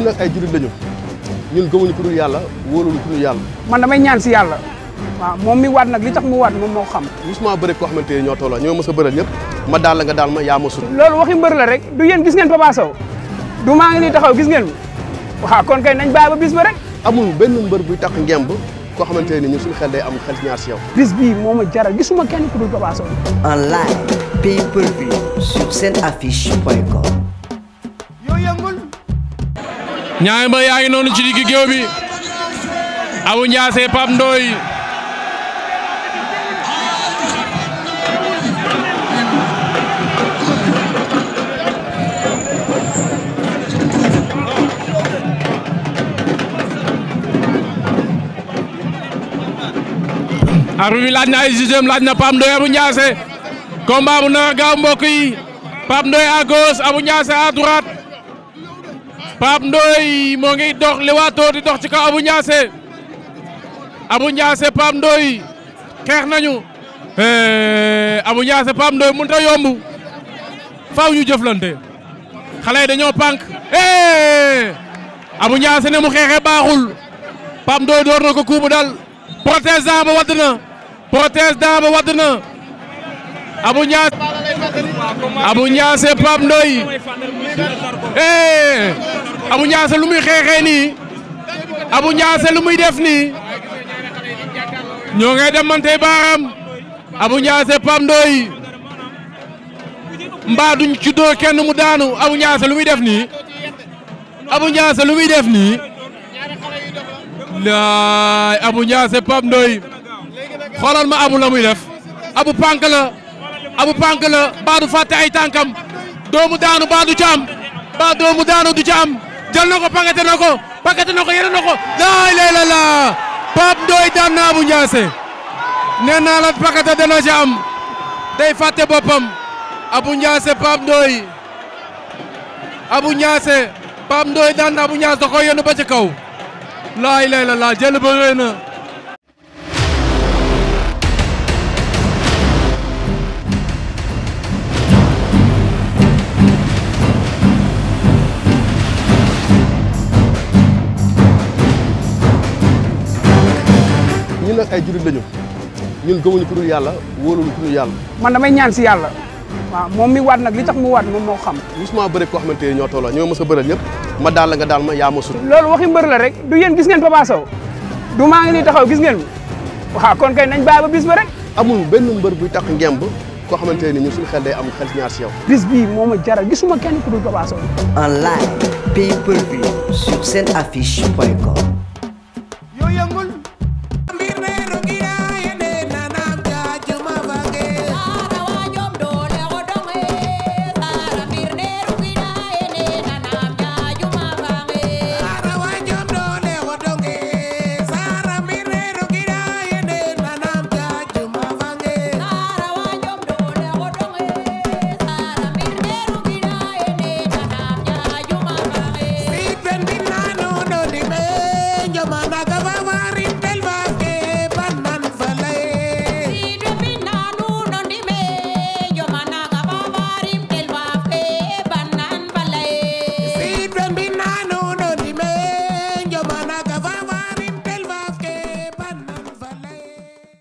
ñun nag ay jullit lañu ñun gëmuñu ku dul yàlla wóoluñu ku dul yàlla. man damay ñaan si yàlla. waaw moom mi waat nag li tax mu waat moom moo xam. gisuma bëri koo xamante ne ñoo tolloo ñoo mës a bëral ñëpp ma daal la nga daal ma yaa ma sut. loolu waxi mbër la ngeen Papa Sow du maa ngi nii taxaw gis ngeen waaw kon kay nañ bàyyi ba bis ba rek. amul benn mbër buy tax koo xamante ne ñun suñu xel day am xel ñaar si yow. bis bii moo ma jaral gisuma kenn ku dul Papa Sow. en live pay per view sur seen affiche point ñaari mbër yaa ngi noonu ci diggi géew bi Abou Ndiassé Pape Ndoye arbitre bi laaj na ay sixième laaj na Pape Ndoye Abou gaaw mbokk yi Pape Ndoye à gauche Abou Ndiassé Pape Ndoye moo ngi dox lewaatoo di dox ci kaw Abou Ndiassé Abou Ndiassé Pape Ndoye xeex nañu eh, Abou Ndiassé Pape Ndoye mënut a yomb faaw ñu jëflante xale yi dañoo pànk eh, Abou Ndiassé ne mu xeexee baaxul Pape Ndoye door na ko kuubu dal protège dent ba wadd na protège dent ba wadd na Abou Abou Ndiassé lu muy xeexee nii abu Ndiassé lu muy def nii ñoo ngay demante baaram Abou Ndiassé Pape Ndoye mbaa duñ ci dóor kenn mu daanu Abou Ndiassé lu muy def nii Abou Ndiassé lu muy def nii laay Abou Ndiassé Pape Ndoye xoolal ma Abou la muy def Abou pànk la Abou pànk la baa du fàtte ay tànkam doomu daanu baa du ci baa doomu daanu du ci am jël na ko pakete na ko pakete na ko yéene na ko laa ilaaha illallaah Pape Ndoye daan na Abou Ndiassé nee naa la pakete dana ci am day fàtte boppam Abou Ndiassé Pape Ndoye Abou Ndiassé Pape Ndoye daan na Abou Ndiassé da koy yónnu ba ci kaw laa ilaaha illallaah jël ba rëy na ñun nag ay jurit lañu ñun gëmuñu ku yàlla wóoluñu ku dul yàlla. man damay ñaan si yàlla. waaw moom mi waat nag li tax mu waat moom moo xam. musuma bëri koo xamante ne ñoo tolloo ñoo mos a bëral ñëpp ma daal la nga daal ma yaa ma sut. loolu waxi mbër la rek du yéen gis ngeen Papa Sow du maa ngi nii taxaw gis ngeen waaw kon kay nañ bàyyi ba bis ba rek. amul benn mbër buy tax ngemb koo xamante ne ñun suñu xel day am xel ñaar si yow. bis bii moo ma jaral gisuma kenn ku dul Papa Sow. en live pay seen affiche point com.